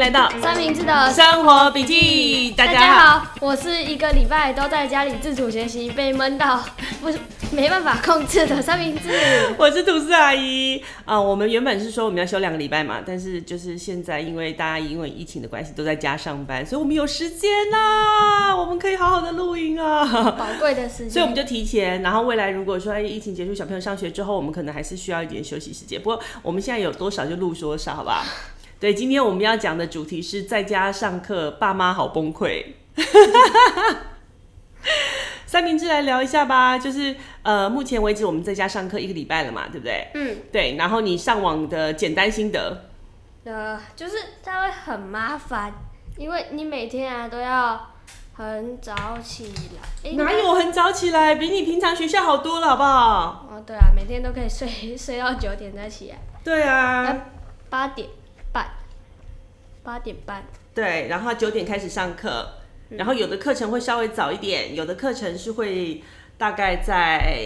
來到三明治的生活筆記，大家好，我是一個禮拜都在家裡自主學習，被悶到，不是沒辦法控制的三明治。我是吐司阿姨啊、呃，我們原本是說我們要休兩個禮拜嘛，但是就是現在因為大家因為疫情的關係都在家上班，所以我們有時間吶、啊，我們可以好好的錄音啊，寶貴的時間，所以我們就提前。然後未來如果說疫情結束，小朋友上學之後，我們可能還是需要一點休息時間。不過我們現在有多少就錄多少，好不好？對，今天我們要講的主題是在家上課，爸媽好崩潰。 三明治來聊一下吧，就是呃，目前為止我們在家上課一個禮拜了嘛，對不對？嗯，對。然後你上網的簡單心得，呃，就是他會很麻煩，因為你每天啊都要很早起來。哪有很早起來？比你平常學校好多了，好不好？哦，對啊，每天都可以睡睡到九點再起來。對啊，八點。八點半，對，然後九點開始上課，然後有的課程會稍微早一點，嗯、有的課程是會大概在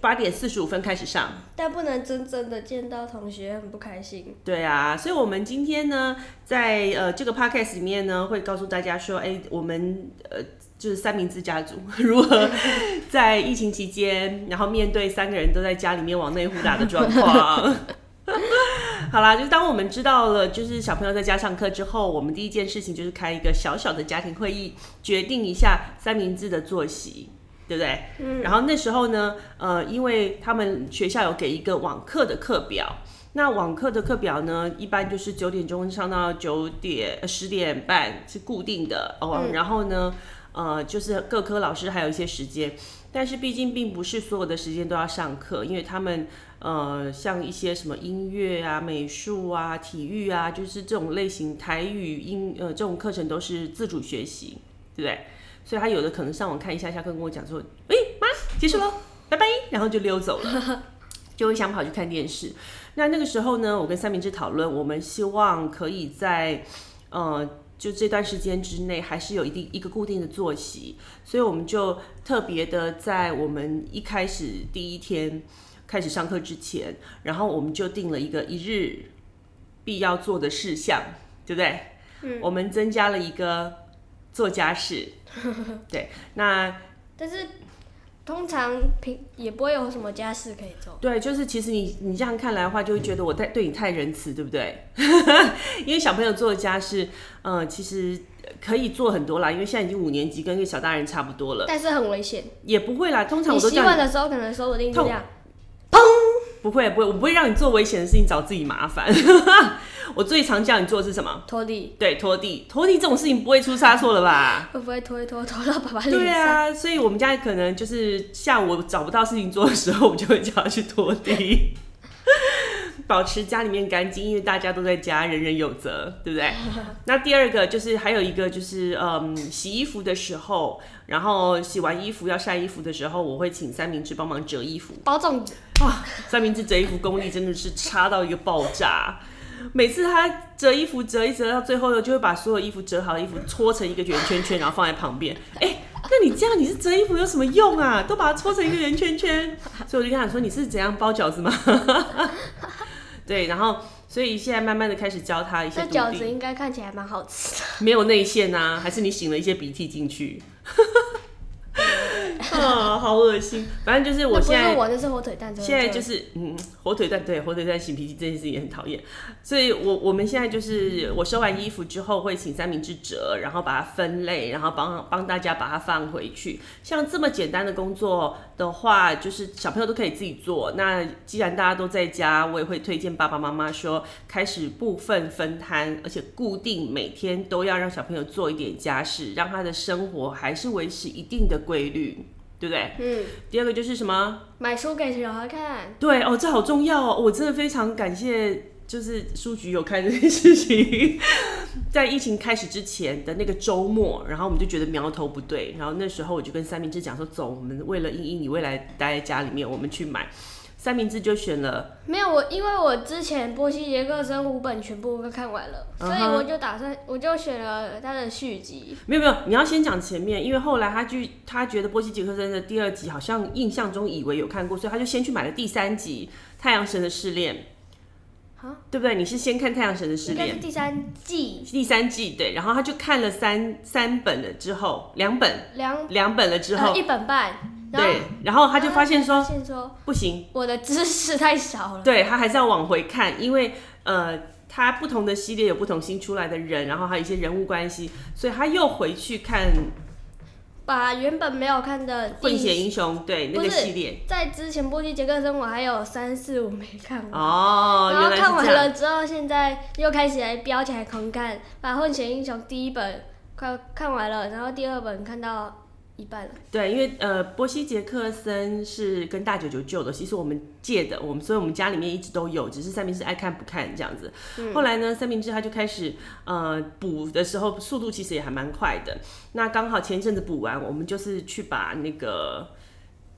八點四十五分開始上，但不能真正的見到同學，很不開心。對啊，所以我們今天呢，在呃這個 podcast 裡面呢，會告訴大家說，哎，我們呃就是三明治家族如何在疫情期間，然後面對三個人都在家裡面往內呼打的狀況。 好啦，就是當我們知道了，就是小朋友在家上課之後，我們第一件事情就是開一個小小的家庭會議，決定一下三明治的作息，對不對？嗯。然後那時候呢，呃，因為他們學校有給一個網課的課表，那網課的課表呢，一般就是九點鐘上到九點、呃、十點半是固定的哦。嗯、然後呢。呃，就是各科老師還有一些時間，但是畢竟並不是所有的時間都要上課，因為他們，呃，像一些什麼音樂啊、美術啊、體育啊，就是這種類型，台語音，呃，這種課程都是自主學習，對不對？所以他有的可能上網看一下下課，跟我講說，哎、欸、媽，結束嘍，拜拜，然後就溜走了，就會想跑去看電視。那那個時候呢，我跟三明治討論，我們希望可以在，呃……就這段時間之內，還是有一定一個固定的作息，所以我們就特別的在我們一開始第一天開始上課之前，然後我們就定了一個一日必要做的事項，對不對？嗯，我們增加了一個做家事， 對，那但是。通常平也不會有什麼家事可以做。對，就是其實你你這樣看來的話，就會覺得我太對你太仁慈，對不對？ 因為小朋友做的家事，嗯、呃，其實可以做很多啦。因為現在已經五年級，跟一個小大人差不多了，但是很危險。也不會啦，通常我都你習慣的時候，可能說不定就這樣，砰！不會不會，我不會讓你做危險的事情，找自己麻煩。 我最常叫你做的是什麼？拖地。對，拖地。拖地這種事情不會出差錯了吧？會 不會拖一拖拖到爸爸臉上？對啊，所以我們家可能就是下午找不到事情做的時候，我就會叫他去拖地， 保持家裡面乾淨。因為大家都在家，人人有責，對不對？ 那第二個就是還有一個就是，嗯，洗衣服的時候，然後洗完衣服要曬衣服的時候，我會請三明治幫忙折衣服。保重哇、啊，三明治折衣服功力真的是差到一個爆炸。每次他折衣服折一折，到最後呢，就會把所有衣服折好的衣服搓成一個圓圈圈，圈，然後放在旁邊。哎、欸，那你這樣你是折衣服有什麼用啊？都把它搓成一個圓圈,圈圈。所以我就跟他說，你是怎樣包餃子嗎？ 對，然後所以現在慢慢的開始教他一些。那餃子應該看起來蠻好吃的。沒有內餡啊？還是你擤了一些鼻涕進去？ 啊、 哦，好噁心！反正就是我現在，我，那、就是火腿蛋。現在就是，嗯，火腿蛋對，火腿蛋醒脾氣這件事情也很討厭。所以我，我我們現在就是，我收完衣服之後會請三明治折，然後把它分類，然後幫幫大家把它放回去。像這麼簡單的工作的話，就是小朋友都可以自己做。那既然大家都在家，我也會推薦爸爸媽媽說，開始部分分攤，而且固定每天都要讓小朋友做一點家事，讓他的生活還是維持一定的規律。對不對？嗯，第二個就是什麼？買書給小孩看。對哦，這好重要哦！我真的非常感謝，就是書局有開這件事情。在疫情開始之前的那個週末，然後我們就覺得苗頭不對，然後那時候我就跟三明治講說：“走，我們為了英英，你未來待在家裡面，我們去買。”三明治就選了，沒有我，因為我之前波西傑克森五本全部都看完了，uh huh. 所以我就打算我就選了他的續集。沒有沒有，你要先講前面，因為後來他就他覺得波西傑克森的第二集好像印象中以為有看過，所以他就先去買了第三集《太陽神的試煉》。啊，對不對？你是先看《太陽神的試煉》應該是第三季，第三季對，然後他就看了三三本了之後，兩本兩兩本了之後，呃、一本半。對，然後他就發現說，啊、發現說不行，我的知識太少了。對，他還是要往回看，因為呃，他不同的系列有不同新出來的人，然後還有一些人物關係，所以他又回去看。把原本沒有看的混血英雄對是那個系列。在之前波西傑克森我還有三四五沒看完哦，然後看完了之後，現在又開始來飆起來狂看，把混血英雄第一本快看完了，然後第二本看到，一半了，對，因為呃，波西傑克森是跟大九九借的，其實我們借的，我們，所以我們家裡面一直都有，只是三明治愛看不看這樣子。嗯、後來呢，三明治他就開始呃補的時候，速度其實也還蠻快的。那剛好前陣子補完，我們就是去把那個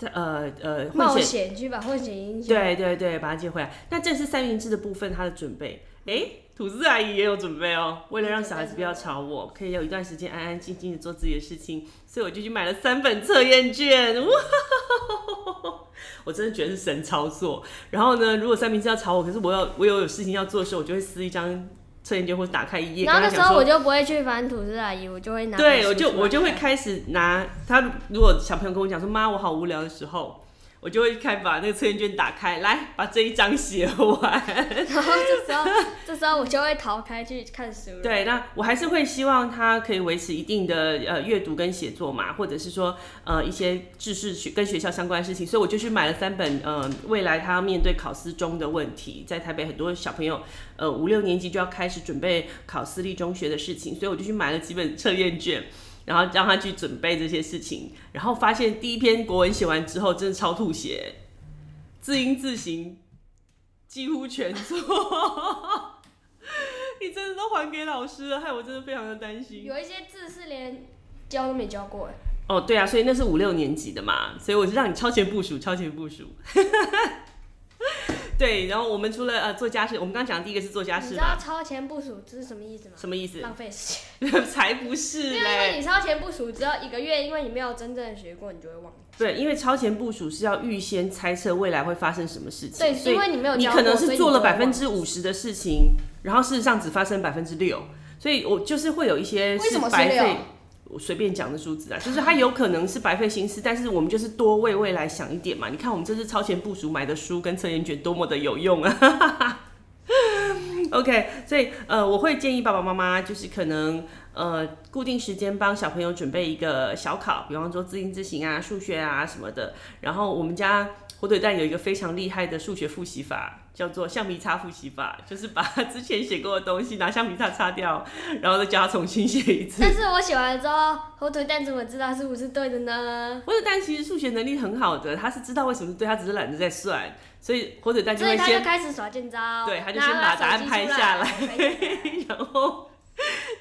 呃呃混血冒險劇吧，混血英雄，對對對，把它借回來。嗯、那這是三明治的部分，他的準備，哎、欸。吐司阿姨也有準備哦、喔，為了讓小孩子不要吵我，可以有一段時間安安靜靜的做自己的事情，所以我就去買了三本測驗卷，哇哈哈哈哈，我真的覺得是神操作。然後呢，如果三明治要吵我，可是我要我，我有事情要做的時候，我就會撕一張測驗卷或者打開一頁。然後那時候我就不會去翻吐司阿姨，我就會拿。對，我就我就會開始拿。他如果小朋友跟我講說：“媽，我好無聊”的時候。我就會開把那個測驗卷打開，來把這一張寫完。 然後這時候，這時候我就會逃開去看書 對，那我還是會希望他可以維持一定的呃閱讀跟寫作嘛，或者是說呃一些知識去跟學校相關的事情，所以我就去買了三本呃未來他要面對考私中的問題。在台北很多小朋友呃五六年級就要開始準備考私立中學的事情，所以我就去買了幾本測驗卷。然後讓他去準備這些事情，然後發現第一篇國文寫完之後，真的超吐血，字音字形幾乎全錯， 你真的都還給老師了，害我真的非常的擔心。有一些字是連教都沒教過。哦，對啊，所以那是五六年級的嘛，所以我就讓你超前部署，超前部署。 對，然後我們除了呃做家事，我們剛剛講的第一個是做家事。你知道超前部署這是什麼意思嗎？什麼意思？浪費時間？ 才不是嘞！因為你超前部署，只要一個月，因為你沒有真正學過，你就會忘記。對，因為超前部署是要預先猜測未來會發生什麼事情。對，因為你沒有，你可能是做了百分之五十的事情，然後事實上只發生百分之六，所以我就是會有一些白費，為什麼是六啊？我隨便講的數字啊，就是它有可能是白費心思，但是我們就是多為未來想一點嘛。你看我們這次超前部署買的書跟測驗卷多麼的有用啊 ！OK，哈哈哈，所以呃，我會建議爸爸媽媽就是可能呃固定時間幫小朋友準備一個小考，比方說字音字形啊、數學啊什麼的。然後我們家。火腿蛋有一個非常厲害的數學複習法，叫做橡皮擦複習法，就是把他之前寫過的東西拿橡皮擦擦掉，然後再叫他重新寫一次。但是我寫完之後，火腿蛋怎麼知道是不是對的呢？火腿蛋其實數學能力很好的，他是知道為什麼是對，他只是懶得再算，所以火腿蛋就會先。所以他就開始耍賤招。對，他就先把答案拍下來，然後。 然後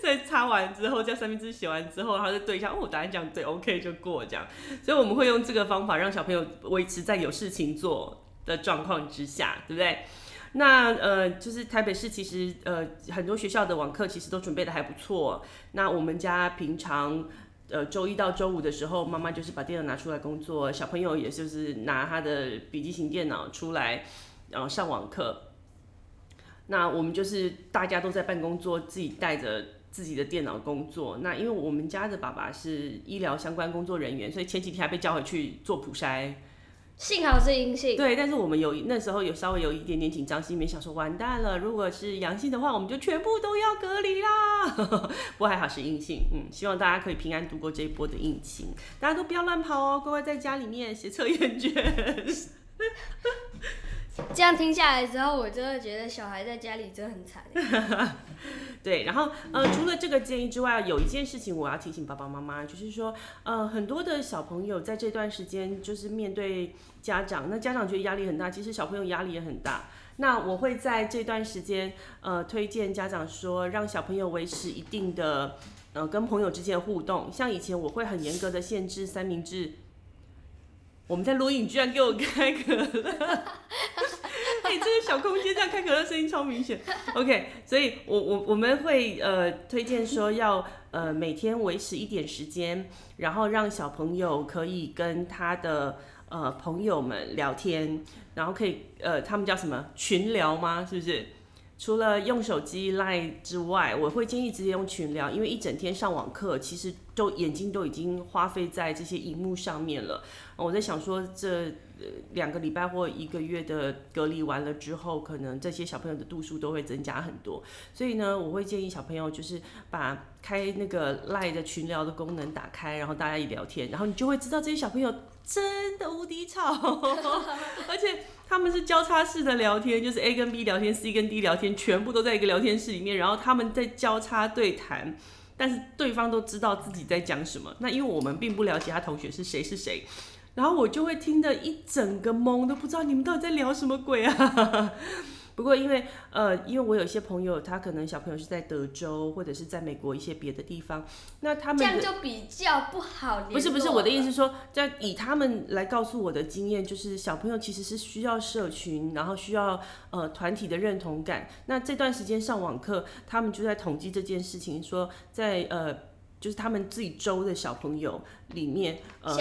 在擦完之後，在三明治寫完之後，他就對一下哦，我答案這樣對，OK 就過這樣。所以我們會用這個方法讓小朋友維持在有事情做的狀況之下，對不對？那呃，就是台北市其實呃很多學校的網課其實都準備得還不錯。那我們家平常呃周一到周五的時候，媽媽就是把電腦拿出來工作，小朋友也是就是拿他的筆記型電腦出來，然後，呃，上網課。那我們就是大家都在辦公桌自己帶着。自己的電腦工作，那因為我們家的爸爸是醫療相關工作人員，所以前幾天還被叫回去做普篩，幸好是陰性。對，但是我們有那時候有稍微有一點點緊張，心裡想說完蛋了，如果是陽性的話，我們就全部都要隔離啦。 不過還好是陰性，嗯，希望大家可以平安度過這一波的疫情，大家都不要亂跑哦，乖乖在家裡面寫測驗卷。 這樣聽下來之後，我真的覺得小孩在家裡真的很慘。 對，然後呃，除了這個建議之外，有一件事情我要提醒爸爸媽媽，就是說，呃，很多的小朋友在這段時間就是面對家長，那家長覺得壓力很大，其實小朋友壓力也很大。那我會在這段時間，呃，推薦家長說，讓小朋友維持一定的，呃，跟朋友之間的互動。像以前我會很嚴格的限制三明治。我們在錄音，你居然給我開可樂！哎、 欸，這個小空間這樣開可樂聲音超明顯。OK，所以我我我們會呃推薦說要呃每天維持一點時間，然後讓小朋友可以跟他的呃朋友們聊天，然後可以呃他們叫什麼群聊嗎？是不是？除了用手機 Line 之外，我會建議直接用群聊，因為一整天上網課，其實都眼睛都已經花費在這些熒幕上面了。我在想說這。呃，兩個禮拜或一個月的隔離完了之後，可能這些小朋友的度數都會增加很多。所以呢，我會建議小朋友就是把開那個 LINE 的群聊的功能打開，然後大家一聊天，然後你就會知道這些小朋友真的無敵吵， 而且他們是交叉式的聊天，就是 A 跟 B 聊天，C 跟 D 聊天，全部都在一個聊天室裡面，然後他們在交叉對談，但是對方都知道自己在講什麼。那因為我們並不了解他同學是誰是誰。然後我就會聽得一整個懵，都不知道你們到底在聊什麼鬼啊！ 不過因為呃，因為我有些朋友，他可能小朋友是在德州或者是在美國一些別的地方，那他們這樣就比較不好。不是不是，我的意思是說，在以他們來告訴我的經驗，就是小朋友其實是需要社群，然後需要呃團體的認同感。那這段時間上網課，他們就在統計這件事情，說在呃，就是他們自己州的小朋友裡面，呃。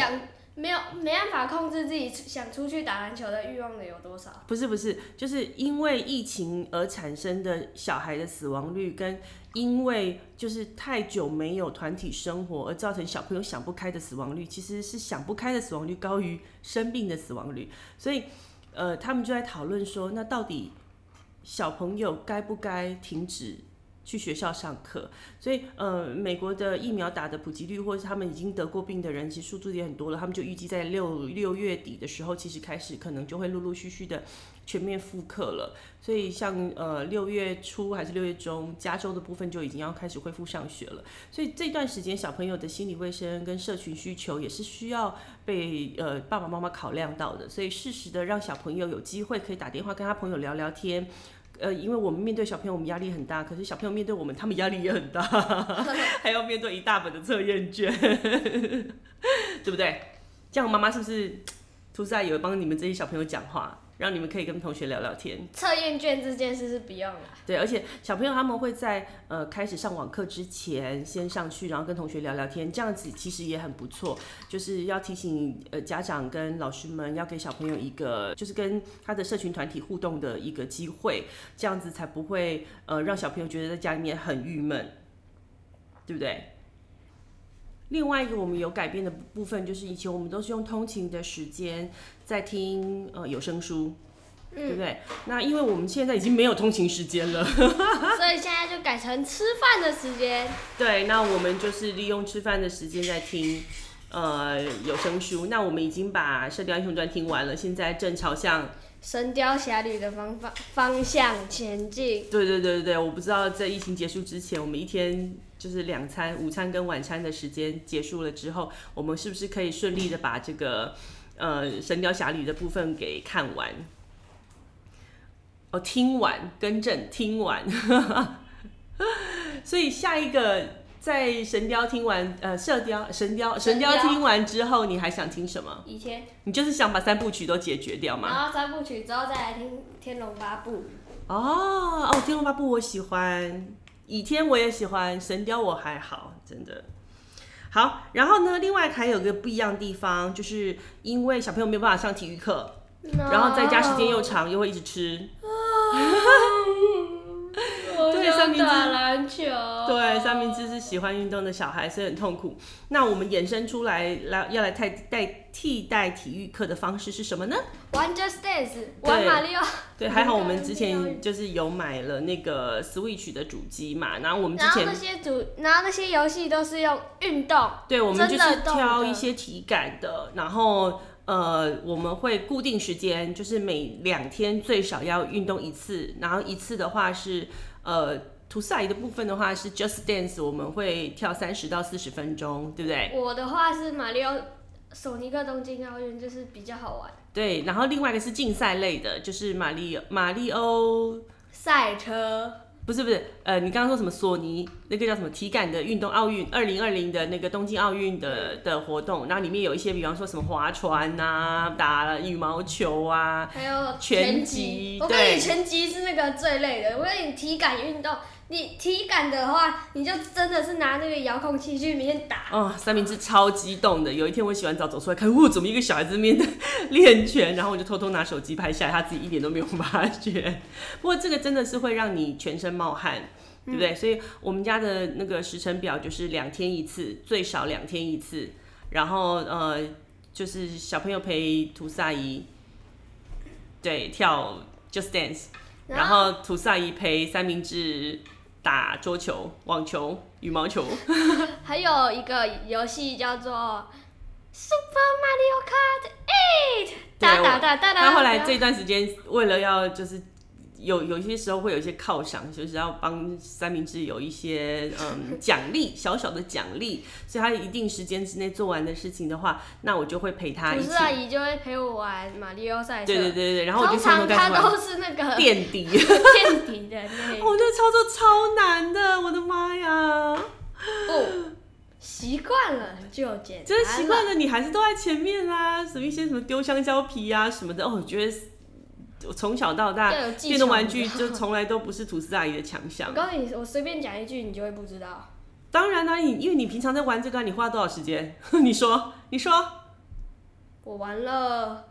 沒有，沒辦法控制自己想出去打籃球的慾望的有多少？不是不是，就是因為疫情而產生的小孩的死亡率，跟因為就是太久沒有團體生活而造成小朋友想不開的死亡率，其實是想不開的死亡率高於生病的死亡率，所以呃，他們就在討論說，那到底小朋友該不該停止去學校上課，所以呃，美國的疫苗打的普及率，或者是他們已經得過病的人，其實數字也很多了。他們就預計在六六月底的時候，其實開始可能就會陸陸續續的全面復課了。所以像呃六月初還是六月中，加州的部分就已經要開始恢復上學了。所以這段時間小朋友的心理衛生跟社群需求也是需要被呃爸爸媽媽考量到的。所以適時的讓小朋友有機會可以打電話跟他朋友聊聊天。呃，因為我們面對小朋友，我們壓力很大，可是小朋友面對我們，他們壓力也很大， 還要面對一大本的測驗卷， 對不對？這樣媽媽是不是吐司有幫你們這些小朋友講話？讓你們可以跟同學聊聊天。測驗卷這件事是不用了啊。對，而且小朋友他們會在呃開始上網課之前先上去，然後跟同學聊聊天，這樣子其實也很不錯。就是要提醒呃家長跟老師們要給小朋友一個就是跟他的社群團體互動的一個機會，這樣子才不會呃讓小朋友覺得在家裡面很鬱悶，對不對？另外一個我們有改變的部分，就是以前我們都是用通勤的時間在聽呃有聲書，嗯、對不對？那因為我們現在已經沒有通勤時間了，所以現在就改成吃飯的時間。 對，那我們就是利用吃飯的時間在聽呃有聲書。那我們已經把《射鵰英雄傳》聽完了，現在正朝向《神鵰俠侶》的方方方向前進。對對對對對，我不知道在疫情結束之前，我們一天。就是兩餐，午餐跟晚餐的時間結束了之後，我們是不是可以順利的把這個，呃，神雕俠侶的部分給看完？哦，聽完，更正，聽完。 所以下一個，在神雕聽完，呃，射雕，神雕，神雕，神雕聽完之後，你還想聽什麼？以前，你就是想把三部曲都解決掉嗎？然後三部曲之後再來聽天龍八部。哦，哦，天龍八部我喜歡。倚天我也喜歡，神雕我還好，真的好。然後呢，另外還有一個不一樣的地方，就是因為小朋友沒有辦法上體育課，No. 然後在家時間又長，又會一直吃。打籃球，對，三明治是喜歡運動的小孩，所以很痛苦。那我們衍生出來來要來替代替代替代體育課的方式是什麼呢？玩 Just Dance，玩馬里奧，對，對，還好我們之前就是有買了那個 Switch 的主機嘛。然後我們之前那些主，然後那些遊戲都是用運動，對，我們就是挑一些體感的。然後呃，我們會固定時間，就是每兩天最少要運動一次。然後一次的話是。呃，塗色的部分的話是 Just Dance，我們會跳三十到四十分鐘，對不對？我的話是馬里奧、索尼克東京奧運，就是比較好玩。對，然後另外一個是競賽類的，就是馬里奧、馬里奧賽車。不是不是，呃，你剛剛說什麼索尼那個叫什麼體感的運動奧運二零二零的那個東京奧運的的活動，然後裡面有一些，比方說什麼划船啊，打羽毛球啊，還有拳擊擊，級對，拳擊是那個最累的，我跟你體感運動。你體感的話，你就真的是拿那個遙控器去裡面打。哦，三明治超激動的。有一天我洗完澡走出來看，哇、哦，怎麼一個小孩子面練練拳？然後我就偷偷拿手機拍下來，他自己一點都沒有發覺。不過這個真的是會讓你全身冒汗，對不對？嗯、所以我們家的那個時程表就是兩天一次，最少兩天一次。然後呃，就是小朋友陪吐司阿姨，對，跳 Just Dance。然後、啊、吐司阿姨陪三明治。打桌球、網球、羽毛球， 還有一個遊戲叫做《Super Mario Kart 8》打。打打打打打。打那，後來這段時間，為了要就是。有有些時候會有一些犒賞，就是要幫三明治有一些嗯獎勵，小小的獎勵，所以他一定時間之內做完的事情的話，那我就會陪他一起。不是阿、啊、姨就會陪我玩《馬里奧賽車》。對對對對對，然後我就通常他都是那個墊底墊底的那。我覺得操作超難的，我的媽呀！哦，習慣了就減，真的習慣了你還是都在前面啦，什麼一些什麼丟香蕉皮呀、啊、什麼的哦，我覺得。我從小到大，電動玩具就從來都不是吐司阿姨的強項。我告訴你，我隨便講一句，你就會不知道。當然啦、啊，你因為你平常在玩這個，你花多少時間？ 你說，你說，我玩了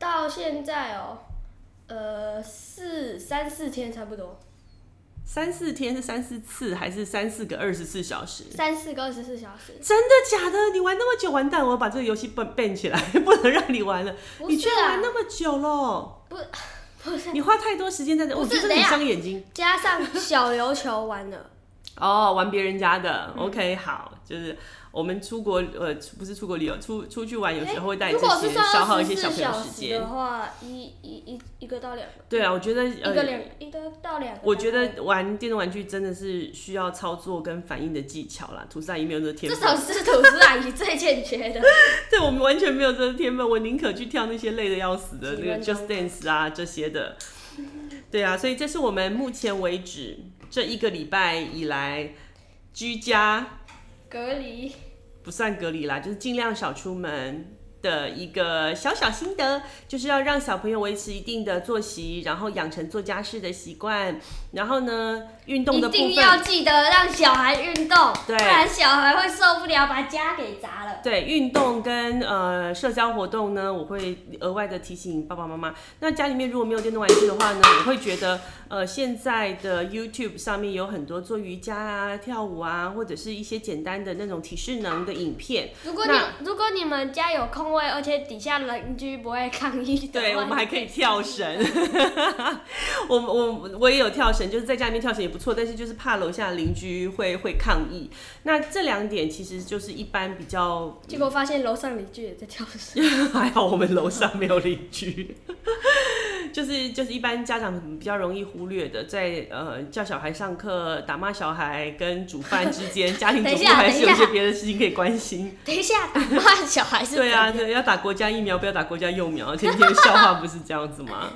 到現在哦、喔，呃，四三四天差不多。三四天是三四次還是三四個二十四小時？三四個二十四小時。真的假的？你玩那麼久，完蛋！我要把這個遊戲變 n 起來，不能讓你玩了。啊、你居然玩那麼久了，不不是你花太多時間在那，是我覺得很傷眼睛。加上小琉球玩的 哦，玩別人家的。嗯、OK，好，就是。我們出國呃，不是出國旅遊，出出去玩有時候會帶這些，欸、小消耗一些小朋友時間的話，一一一一,一個到兩個。對啊，我覺得一個兩、呃、一個到兩個。我覺得玩電動玩具真的是需要操作跟反應的技巧啦，吐司阿姨沒有這個天分。至少是吐司阿姨最欠缺的。 對，我們完全沒有這個天分。我寧可去跳那些累的要死的那個 Just Dance 啊這些的。對啊，所以這是我們目前為止這一個禮拜以來居家。隔離不算隔離啦，就是儘量少出門，的一個小小心得，就是要讓小朋友維持一定的作息，然後養成做家事的習慣，然後呢，運動的部分一定要記得讓小孩運動，對不然小孩會受不了，把家給砸了。對，運動跟呃社交活動呢，我會額外的提醒爸爸媽媽。那家裡面如果沒有電動玩具的話呢，我會覺得呃現在的 YouTube 上面有很多做瑜伽啊、跳舞啊，或者是一些簡單的那種體適能的影片。如果你那如果你們家有空。而且底下鄰居不會抗議，對，我們還可以跳繩。 我我我也有跳繩，就是在家裡面跳繩也不錯，但是就是怕樓下鄰居會會抗議。那這兩點其實就是一般比較。嗯，結果發現樓上鄰居也在跳繩， 還好我們樓上沒有鄰居。 就是就是一般家長比較容易忽略的，在呃叫小孩上課、打罵小孩跟煮飯之間，家庭主婦還是有些別的事情可以關心。等一、等、一等一下，打罵小孩是 對啊，對，要打國家疫苗，不要打國家幼苗，天天笑話不是這樣子嗎？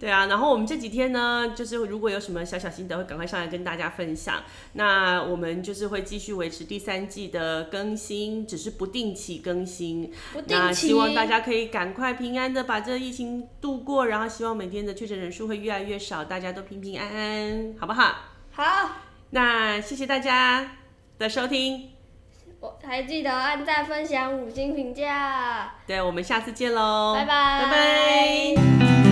對啊，然後我們這幾天呢，就是如果有什麼小小心得，會趕快上來跟大家分享。那我們就是會繼續維持第三季的更新，只是不定期更新。不定期，那希望大家可以趕快平安的把這疫情度過，然後。希望每天的確診人數會越來越少，大家都平平安安，好不好？好，那謝謝大家的收聽，我還記得按讚、分享、五星評價。對，我們下次見嘍，拜拜，拜拜。